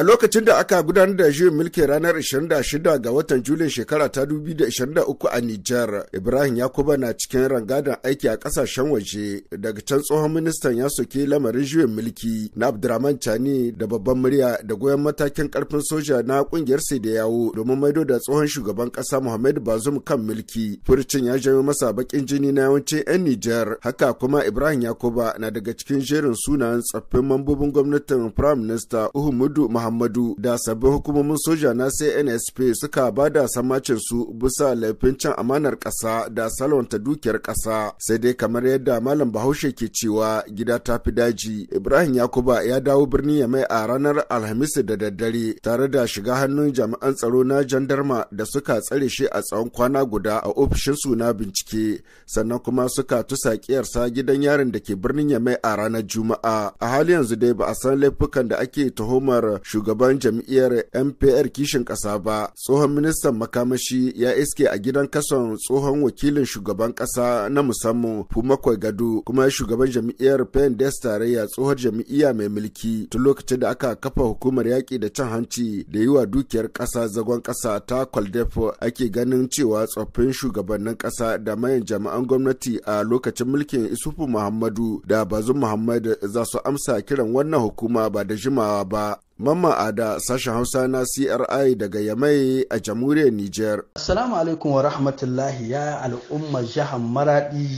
A lokacin da aka gudanar da juyin mulki ranar 26 ga watan Julin shekara ta 2023 a Nijar, Ibrahim Yakuba na cikin rangadan aiki a kasashen waje daga can tsohon ministan ya soke lamarin juyin mulki na Abdurrahman Chani da babban murya da goyon matakin karfin soja na kungiyar sai da yawo domin maido da tsohon shugaban kasa Muhammad Bazum kan mulki. Furcin ya janyo masa bakin jini na yawancin 'yan Nijar, haka kuma Ibrahim Yakuba na daga cikin jerin sunayen tsaffin mambobin gwamnatin Prime Minister Uhumudu Muhammad Muhammadu da sabbin hukumomin soja na CNSP suka ba da samacin su bisa laifin cin amanar ƙasa da ta dukiyar ƙasa sai dai kamar yadda Malam Bahaushe ke cewa gida ta fi daji. Ibrahim Yakuba ya dawo birni ya mai a ranar Alhamis da daddare tare da shiga hannun jami'an tsaro na jandarma da suka tsare shi a tsawon kwana guda a su na bincike sannan kuma suka tusa kiyarsa gidan yarin da ke birnin ya mai a ranar Juma'a. A halin yanzu dai ba a san laifukan da ake tuhumar shugaban shugaban jam'iyyar mpr kishin ƙasa ba tsohon ministan makamashi ya iske a gidan kason tsohon wakilin shugaban ƙasa na musamman fumakwai gado kuma shugaban jam'iyyar pendes tarayya tsohon jam'iyya mai mulki tun lokacin da aka kafa hukumar yaƙi da cin hanci da yi wa dukiyar ƙasa zagon ƙasa ta kwaldefo ake ganin cewa tsoffin shugabannin ƙasa da mayan jami'an gwamnati a lokacin mulkin isufu muhammadu da bazu muhammadu za su amsa kiran wannan hukuma ba da jimawa ba Mamma Ada sashen Hausa na CRI daga Yamai a jamhuriyar Nijar. Assalamu alaikum wa rahmatullahi ya al'umma jihar Maradi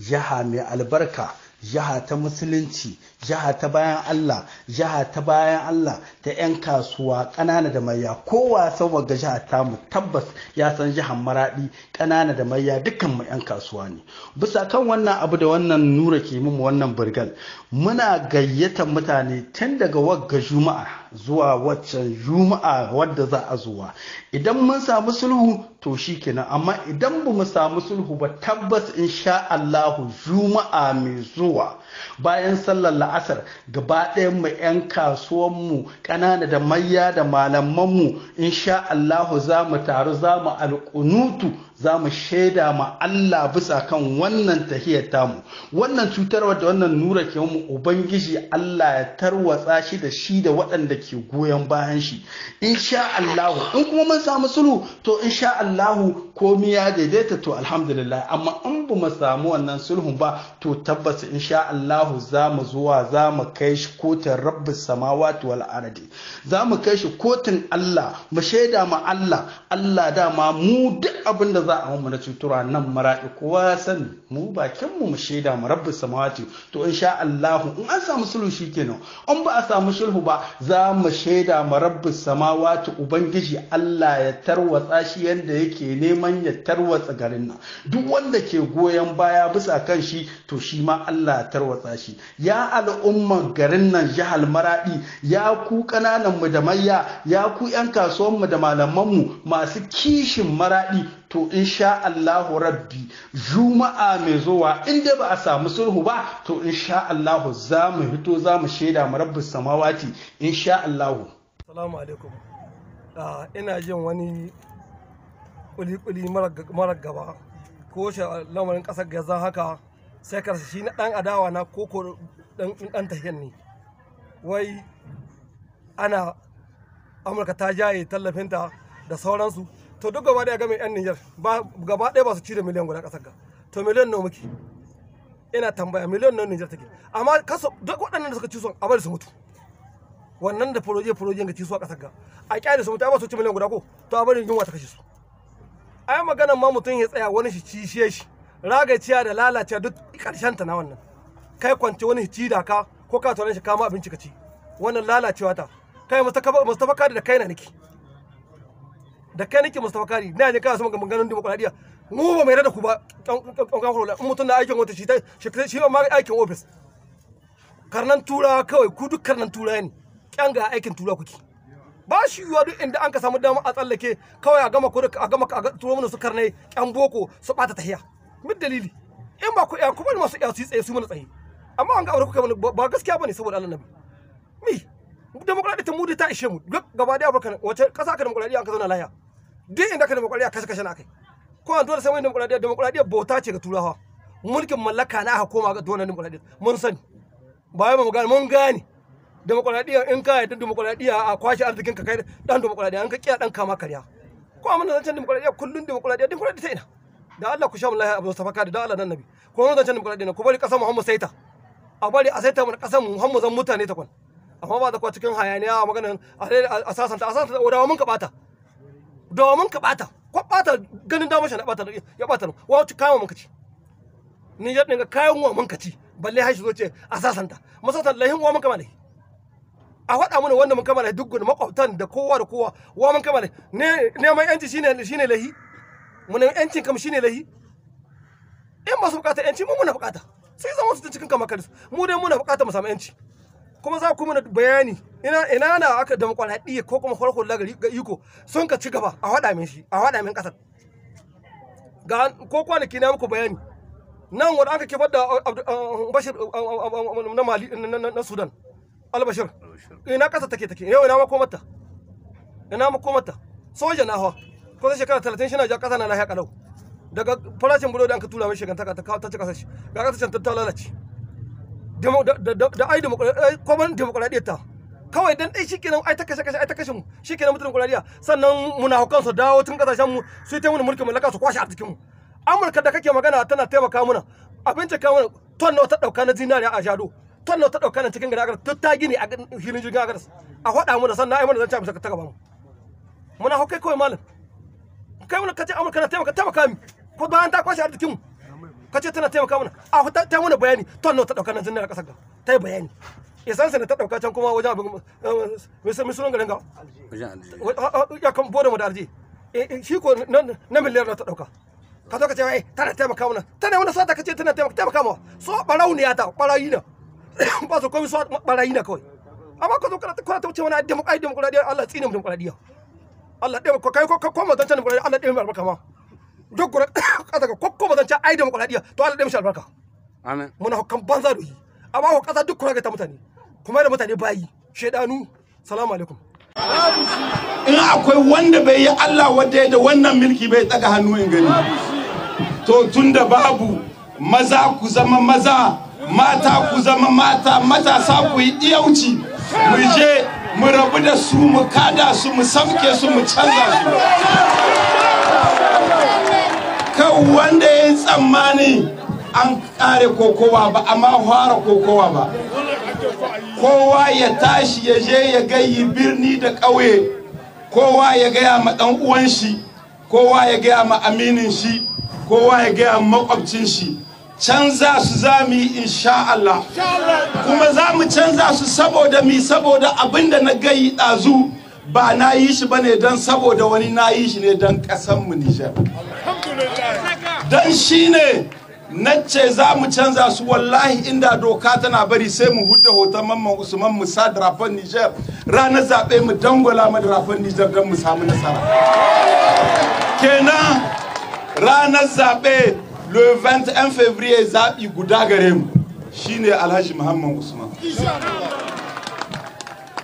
jiha mai albarka. jiha ta musulunci jiha ta bayan Allah jiha ta bayan Allah ta 'yan kasuwa ƙanana da maya kowa san ga jiha ta mu tabbas ya san jihar maradi ƙanana da maya dukkan mu 'yan kasuwa ne bisa kan wannan abu da wannan nura ke mu wannan burgal muna gayyata mutane tun daga wagga juma'a zuwa waccan juma'a wadda za a zuwa idan mun samu sulhu to shi kenan amma idan ba mu samu sulhu ba tabbas insha Allahu juma'a mai zuwa bayan sallar la'asar gaba ɗayan mu 'yan mu ƙanana da mayya da malamanmu insha Allahu za mu taru za mu alƙunutu za mu shaida ma Allah bisa kan wannan tahiyar tamu wannan cutarwa da wannan nura ke mu ubangiji Allah ya tarwatsa shi da shi da waɗanda ke goyon bayan shi insha Allahu in kuma mun samu sulhu to insha Allahu komai ya daidaita to alhamdulillah amma in ba mu samu wannan sulhun ba to tabbas insha Allahu za mu zuwa za mu kai shi kotun rabbis samawati wal ardi za mu kai shi kotun Allah mu shaida ma Allah Allah dama mu duk abin da za a mu na cutura nan mara'i kowa ya sani mu bakin mu mu shaida mu rabbis samawati to insha Allahu in an samu sulhu kenan, in ba a samu sulhu ba za za mu shaida Samawa samawati ubangiji Allah ya tarwatsa shi yadda yake neman ya tarwatsa garin nan duk wanda ke goyon baya bisa kan shi to shi ma Allah ya tarwatsa shi ya al'umma garin nan jihar maradi ya ku kananan mu da mayya ya ku yan kasuwan mu da malamanmu masu kishin Maraɗi. to insha Allahu rabbi juma'a mai zuwa inda ba a samu sulhu ba to sha Allahu za mu hito za mu shaida mu rabbi samawati sha Allahu assalamu alaikum ah, ina jin wani kuli-kuli mara gaba ko shi lamarin kasar gaza haka sai karsa shi na dan adawa na koko dan tahiyan ne wai ana amurka ta jaye tallafinta da sauransu to duk gaba daya ga mai yan Niger ba gaba daya ba su ci da miliyan guda kasar ga to miliyan nawa muke ina tambaya miliyan nawa Niger take amma kaso duk waɗannan da suka ci su a bari su mutu wannan da proje proje ga ci su a kasar ga a kyale su mutu ba su ci miliyan guda ko to a bari yunwa ta kashe su ai maganar ma mutum ya tsaya wani shi ci shi ragaciya da lalaciya duk karshen ta na wannan kai kwance wani ci da ka ko ka tona shi kama abinci ka ci wannan lalacewa ta kai mustafa kada da kai na niki da kai nake Mustafa Kari na ne kana son maganganun demokradiya mu ba mai rada ku ba in mutun na aikin wata shi ta shi ma aikin office karnan tura kawai ku duk karnan tura ne kyan ga aikin tura kuke ba shi yuwa duk inda an ka samu dama a tsallake kawai a gama ko a gama a turo mana su karne kyan boko su bata tahiya mid dalili in ba ku iya eh, ku bani masu iya su tsaye su mana tsaye amma an ga aure kuka ba gaskiya bane saboda Allah nabi mi demokradiya ta mu ta ishe mu gaba da Afirka wace kasa ka demokradiya an ka zauna lahiya duk inda ka demokuraɗiyya kashe kashe na kai ko an dole sai wani demokuraɗiyya demokuraɗiyya bauta ce ga turawa mulkin mallaka na aka koma ga dole demokuraɗiyya mun sani ba wai mu gane mun gane demokuraɗiyya in ka yadda demokuraɗiyya a kwashe arzikin ka kai dan demokuraɗiyya in ka kiya dan kama karya ko amma zancen demokuraɗiyya kullun demokuraɗiyya demokuraɗiyya ta ina da Allah ku sha wallahi abu safaka da Allah nan nabi ko mun zancen demokuraɗiyya ku bari kasar Muhammad saita a bari a saita mana kasar Muhammad zan mutane ta kwan amma ba da kwa cikin hayaniya maganar a sasanta a sasanta wadawa mun ka bata domin ka bata ko bata ganin dama shi na bata ya bata wa ci kawo mun kaci ni ya dinga kawo wa mun kaci balle har zo ce a sasanta masasanta lahin wa mun kama a wada mana wannan mun kama duk gudu makwabtan da kowa da kowa wa mun kama ne mai yanci shine shine lahi mun yancin kam shine lahi in ba su bukata yanci mun muna bukata sai zama su cikin kama kansu mu dai muna bukata mu samu yanci kuma za ku mana bayani ina ina na aka demokuraɗiyya ko kuma farko lagari ga iko sun ka ci gaba a waɗa min shi a haɗa min ƙasar ga ko kwanaki na muku bayani nan wanda aka kifar da uh, uh, uh, bashir na mali na sudan albashir ina ƙasa take take yau ina mata ina mata soja na hawa sai shekara talatin shi na ja ƙasa na lahiya ƙalau daga farashin burodi an ka tura mai shekanta ta ta ci ga ƙasashen ta lalace da ai eh, kwamon demokuraɗiyar ta kawai dan dai shikenan ai ta kashe kashe ai ta kashe mu shikenan mutum kurariya sannan muna hukan su dawo tun kasashen mu su yi ta mun mulkin mallaka su kwashe arzikin mu amurka da kake magana tana taimaka mana abinci ka mana ton nawa ta dauka na zinariya a jado ton nawa ta dauka na cikin gari agar ta gini a filin jirgin agar a faɗa mu da sannan ai mana zan ci amsa ta gaba mu muna hukai kawai malam kai mun kace amurka na taimaka taimaka mi ko an ta kwashe arzikin mu ka ce tana taimaka mana a ta mana bayani ton nawa ta dauka nan zinnar kasar ga ta yi bayani isan sana ta dauka can kuma wajen abin mai sunan garin gawa ya kan bodo da arji shi ko na miliyar na ta dauka ka zo ka ce wai tana taimaka mana tana wani sata ka ce tana taimaka taimaka ma so barau ne ya ta barayi na ba su komai so barayi na kawai amma ka zo ka ta wuce wani ai demokradiyya Allah tsine mu demokradiyya Allah ɗaya ko kai ko ko mazan can demokradiyya Allah ɗaya mai albarka ma duk gurin kasa ga kokko ba zan ci ai demokradiya to Allah ya mishi albarka amin muna hukan banza dohi amma ko kasa duk kuraga ta mutane kuma da mutane bayi shedanu salamu alaikum in akwai wanda bai yi Allah wadda da wannan milki bai tsaga hannu in gani to tunda babu maza ku zama maza mata ku zama mata matasa ku yi iyauci mu je mu rabu da su mu kada su mu samke su mu canza su kan wanda ya yi tsammani an kare kokowa ba amma fara kokowa ba kowa ya tashi ya je ya gayi birni da ƙauye kowa ya gaya ma ɗan uwan shi kowa ya gaya ma aminin shi kowa ya gaya ma makwabcin shi canza su za mu yi insha Allah kuma za mu canza su saboda mi saboda abin da na gayi ɗazu ba na yi shi ba ne don saboda wani na yi shi ne don ƙasanmu Nijar. Don shi ne na ce za mu canza su wallahi inda doka tana bari sai mu hudda hoton mamman Usman mu sa rafan Nijar ranar zaɓe mu dangwala mu rafan Nijar don mu samu nasara. Kenan ranar zaɓe le 21 février zaɓi guda gare mu shine Alhaji Muhammad Usman.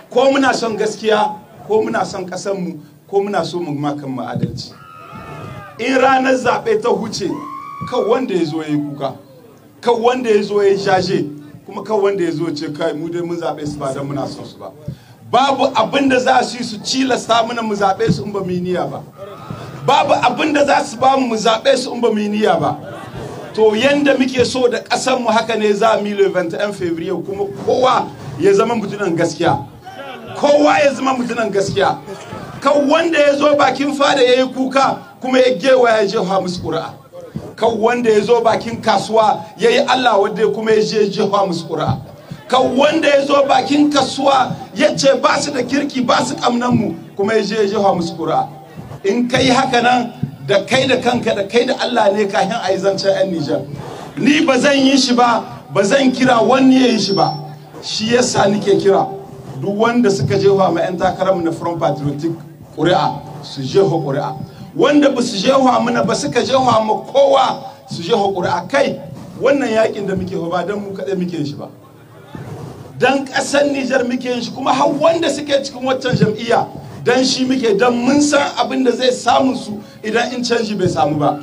Ko muna son gaskiya ko muna son mu ko muna so mu makan mu adalci in ranar zaɓe ta huce kan wanda ya zo ya yi kuka kan wanda ya zo ya yi jaje kuma kan wanda ya zo ce kai mu dai mun zaɓe su ba don muna son su ba babu abin da za su yi su cilasta mana mu zaɓe su in ba mu niyya ba babu abin da za su ba mu mu zaɓe su in ba mu niyya ba to yanda muke so da mu haka ne za mu yi 21 fevrier kuma kowa ya zama mutunan gaskiya kowa ya zama mutunan gaskiya kan wanda ya zo bakin fada ya yi kuka kuma ya gewa ya jefa musu ƙuri'a kan wanda ya zo bakin kasuwa ya yi allah wadda kuma ya je jefa musu ƙuri'a kan wanda ya zo bakin kasuwa ya ce ba su da kirki ba su mu kuma ya je je jefa musu in ka yi haka nan da kai da kanka da kai da allah ne kahin a yi zancen 'yan nijar ni ba zan yi shi ba ba zan kira wani ya yi shi ba shi yasa nike kira duk wanda suka jefa ma 'yan takararmu na front patriotic ƙuri'a su jefa ƙuri'a wanda ba su jefa mana ba suka wa ma kowa su jefa ƙuri'a kai wannan yakin da muke ba don mu kaɗai muke shi ba don ƙasar Nijar muke yin shi kuma har wanda suke cikin waccan jam'iyya don shi muke don mun san abin da zai samu su idan in canji bai samu ba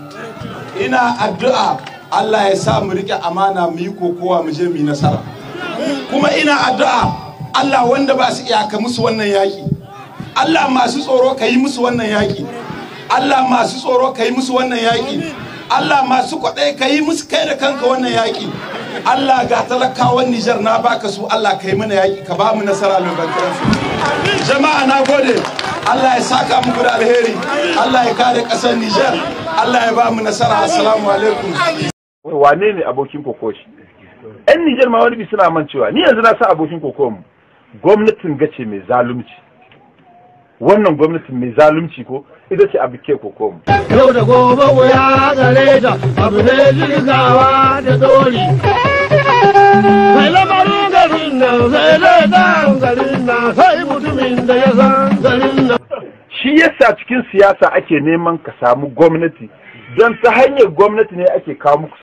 ina addu'a Allah ya sa mu riƙe amana mu yi kokowa mu je mu yi nasara kuma ina addu'a Allah wanda ba su iyaka musu wannan yaki Allah masu tsoro ka yi musu wannan yaki Allah masu tsoro ka yi musu wannan yaki Allah masu kwaɗe ka yi musu kai da kanka wannan yaki Allah ga talakawan Nijar na baka su Allah ka yi mana yaki ka ba mu nasara mai bankaran jama'a na gode Allah ya saka muku da alheri Allah ya kare ƙasar Nijar Allah ya ba mu nasara assalamu alaikum wane ne abokin kokoshi 'yan Nijar ma wani bi suna man cewa ni yanzu na sa abokin kokon mu gwamnatin gace mai zalunci wannan gwamnatin mai zalunci ko ita ce abu ke koko mu. Yau da gobe ya gare ta abu ne jirgawa da doli. Sai lamarin garin nan sai laidan garin na, sai mutumin da ya san garin na. Shi yasa cikin siyasa ake neman ka samu gwamnati don ta hanyar gwamnati ne ake kawo muku.